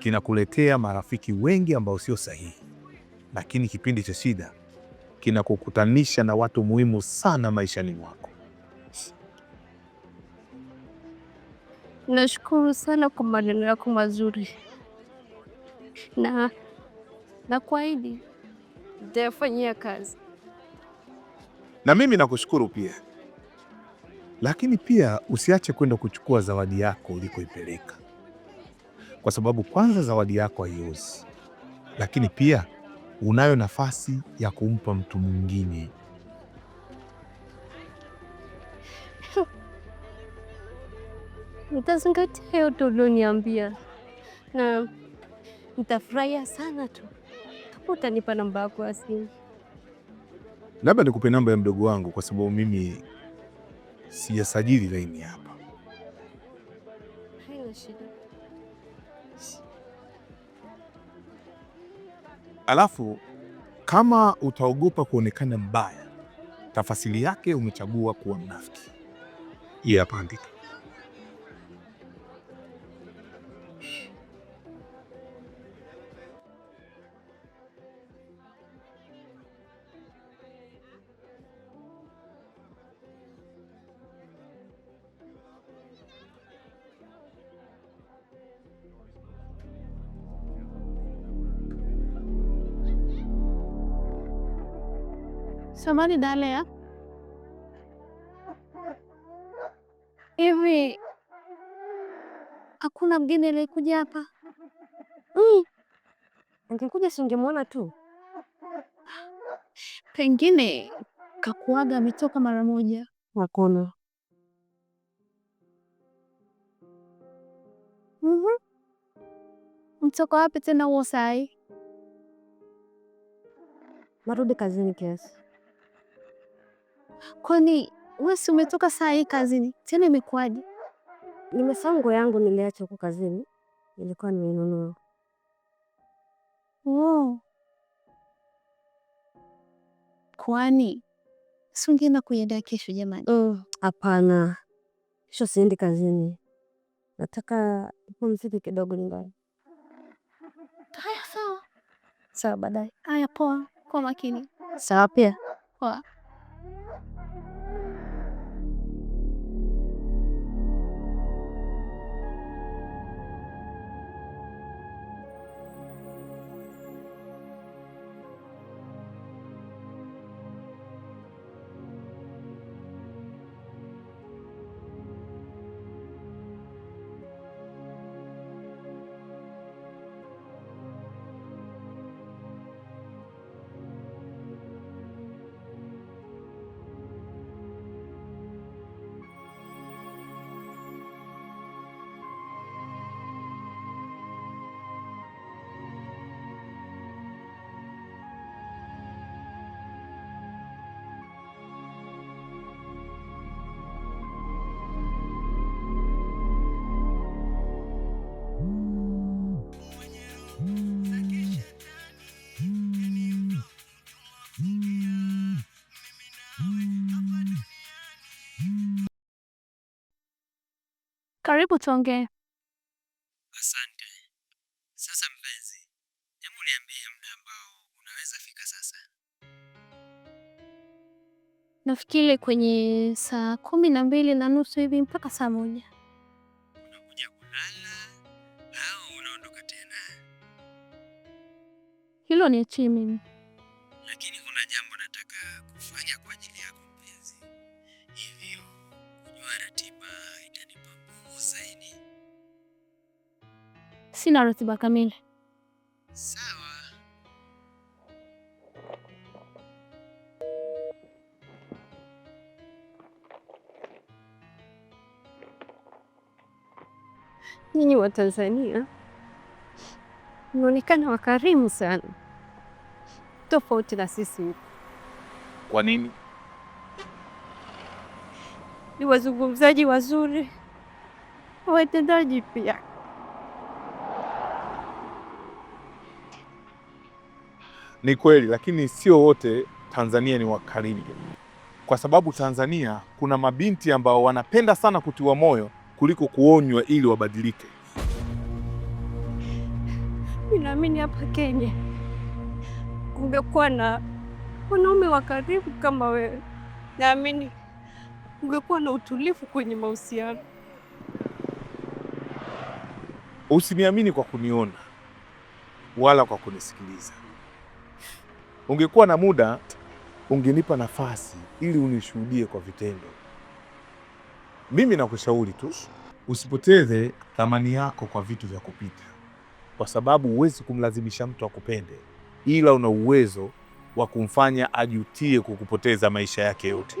kinakuletea marafiki wengi ambao sio sahihi, lakini kipindi cha shida kinakukutanisha na watu muhimu sana maishani mwako. Nashukuru sana kwa maneno yako mazuri na na kwaidi nitayafanyia kazi. Na mimi nakushukuru pia, lakini pia usiache kwenda kuchukua zawadi yako ulikoipeleka kwa sababu kwanza zawadi yako haiozi, lakini pia unayo nafasi ya kumpa mtu mwingine. Nitazingatia yote ulioniambia na nitafurahia sana tu kama utanipa namba yako ya simu. Labda nikupe namba ya mdogo wangu, kwa sababu mimi sijasajili laini hapa. Alafu kama utaogopa kuonekana mbaya, tafasili yake umechagua kuwa mnafiki. Yeah, hapa samani Dalea, ah. hivi hakuna mgeni aliyekuja hapa? Mm. Angekuja si ungemwona tu, pengine kakuaga ametoka mara moja. Hakuna. mm -hmm. wapi tena huo sai? Marudi kazini kiasi Kwani wewe si umetoka saa hii kazini tena, imekuwaje? Nimesahau nguo yangu niliacha huko kazini, nilikuwa nimenunua. Oh. Kwani si ungeenda kuiendea kesho? Jamani, mm, hapana. Mm, kesho siendi kazini, nataka nipumzike kidogo nyumbani. Haya, sawa sawa, baadaye. Haya, poa, kwa makini. Sawa pia, poa. Karibu tuongee. Asante. Sasa mpenzi, hebu niambie muda ambao unaweza fika sasa. Nafikiri kwenye saa kumi na mbili na nusu hivi mpaka saa moja. Unakuja kulala au unaondoka tena? Hilo niachie mimi. ratiba itanipa nguvu zaidi. Sina ratiba kamili. Sawa. Nyinyi wa Tanzania mnaonekana wakarimu sana, tofauti na sisi. Kwa nini? ni wazungumzaji wazuri, watendaji pia. Ni kweli, lakini sio wote Tanzania ni wakarimu, kwa sababu Tanzania kuna mabinti ambao wanapenda sana kutiwa moyo kuliko kuonywa ili wabadilike. Ninaamini hapa Kenya kumekuwa na wanaume wakarimu kama wewe, naamini ungekuwa na utulivu kwenye mahusiano. Usiniamini kwa kuniona wala kwa kunisikiliza. Ungekuwa na muda, ungenipa nafasi ili unishuhudie kwa vitendo. Mimi nakushauri tu usipoteze thamani yako kwa vitu vya kupita, kwa sababu huwezi kumlazimisha mtu akupende, ila una uwezo wa kumfanya ajutie kukupoteza maisha yake yote.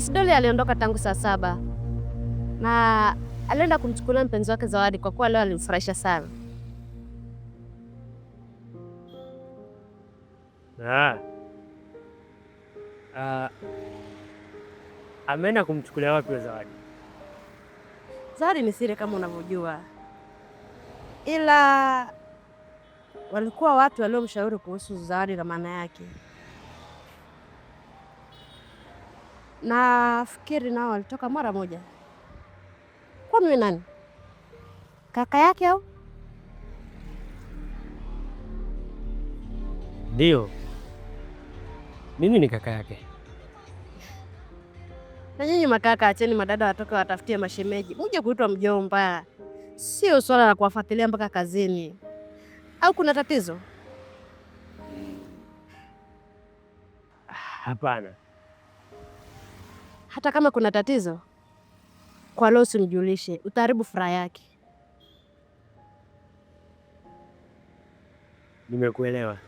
Miss Dolly aliondoka tangu saa saba na alienda kumchukulia mpenzi wake zawadi kwa kuwa leo alimfurahisha sana. Ah. Ameenda kumchukulia wapi zawadi? Zawadi ni siri kama unavyojua, ila walikuwa watu waliomshauri kuhusu zawadi na maana yake Nafikiri nao walitoka mara moja. Kwa mimi nani? Kaka yake au? Ndio, mimi ni kaka yake. Na nyinyi makaka, acheni madada watoke watafutie mashemeji, muje kuitwa mjomba. Sio swala la kuwafuatilia mpaka kazini, au kuna tatizo? Hapana. Hata kama kuna tatizo kwa leo, usimjulishe, utaharibu furaha yake. Nimekuelewa.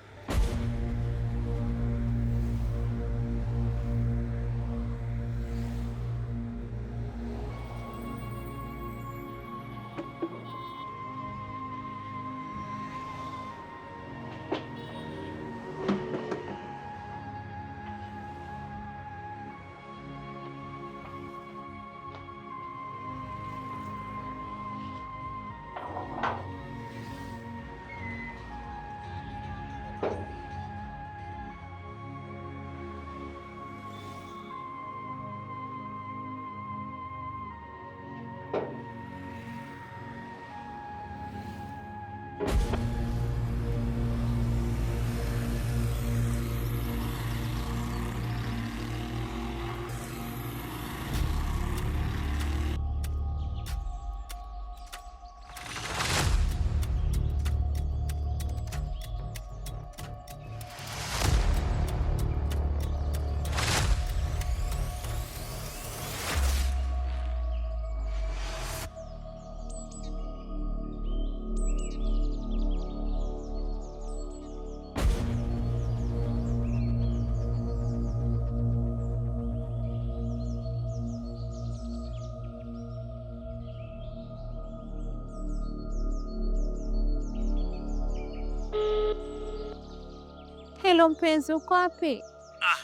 Halo mpenzi, uko wapi? Ah,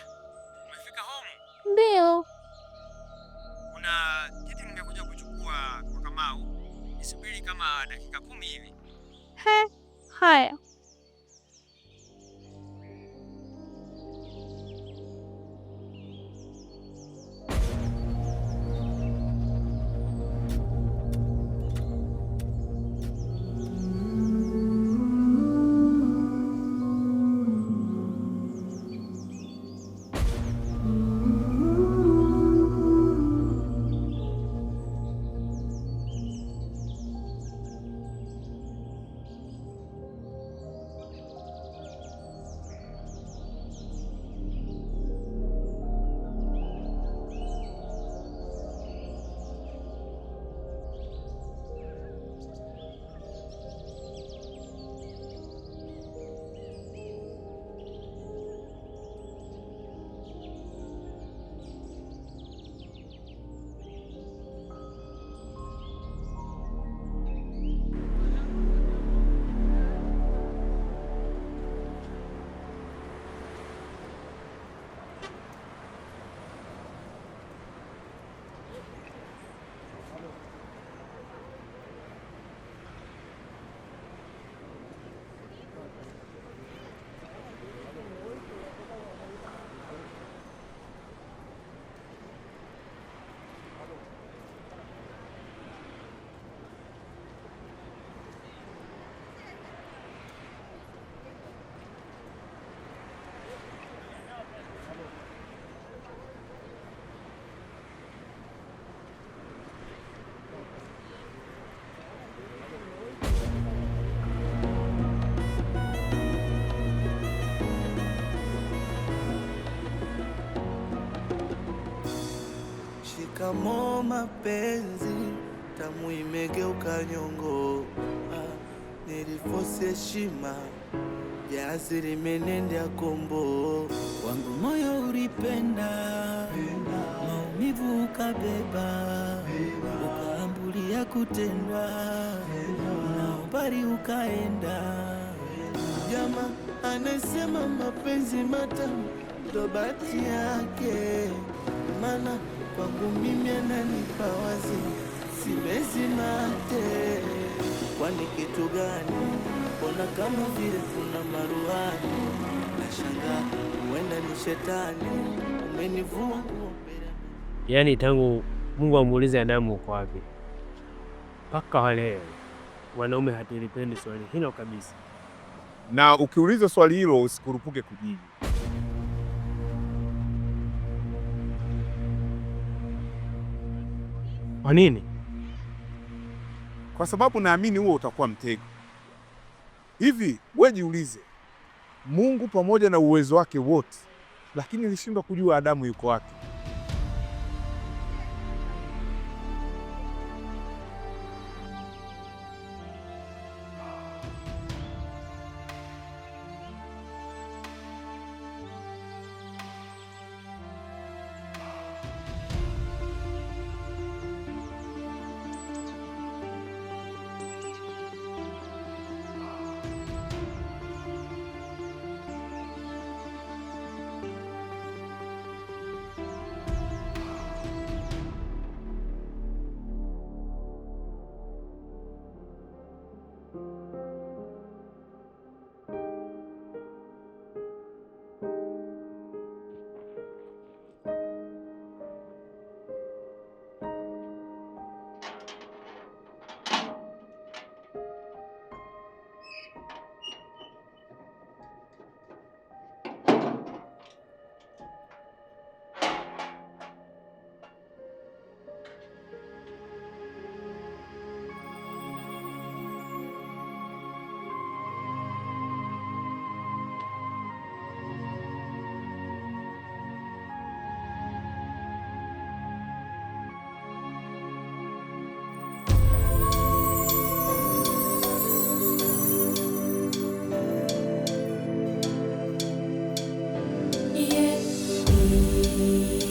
umefika home? Ndio. Kuna kitu nimekuja kuchukua kwa Kamau, nisubiri kama dakika kumi hivi. He, haya. Shikamo mapenzi, tamu imegeuka nyongo, ah, nilifosi heshima jasi limenenda kombo, wangu moyo ulipenda maumivu ukabeba, ukaambulia kutendwa na ubali ukaenda. Jama anasema mapenzi matamu ndo yake, mana kwangu mimi ananipa wazi, simezima te. Kwani kitu gani? Mbona kama vile kuna maruani? Nashangaa, huenda ni shetani umenivua. Yaani tangu Mungu amuulize Adamu uko wapi mpaka waleo wanaume hatilipendi swali hilo kabisa, na ukiuliza swali hilo usikurupuke kujibu. Kwa nini? Kwa sababu naamini huo utakuwa mtego. Hivi wewe jiulize, Mungu pamoja na uwezo wake wote, lakini alishindwa kujua Adamu yuko wapi? you.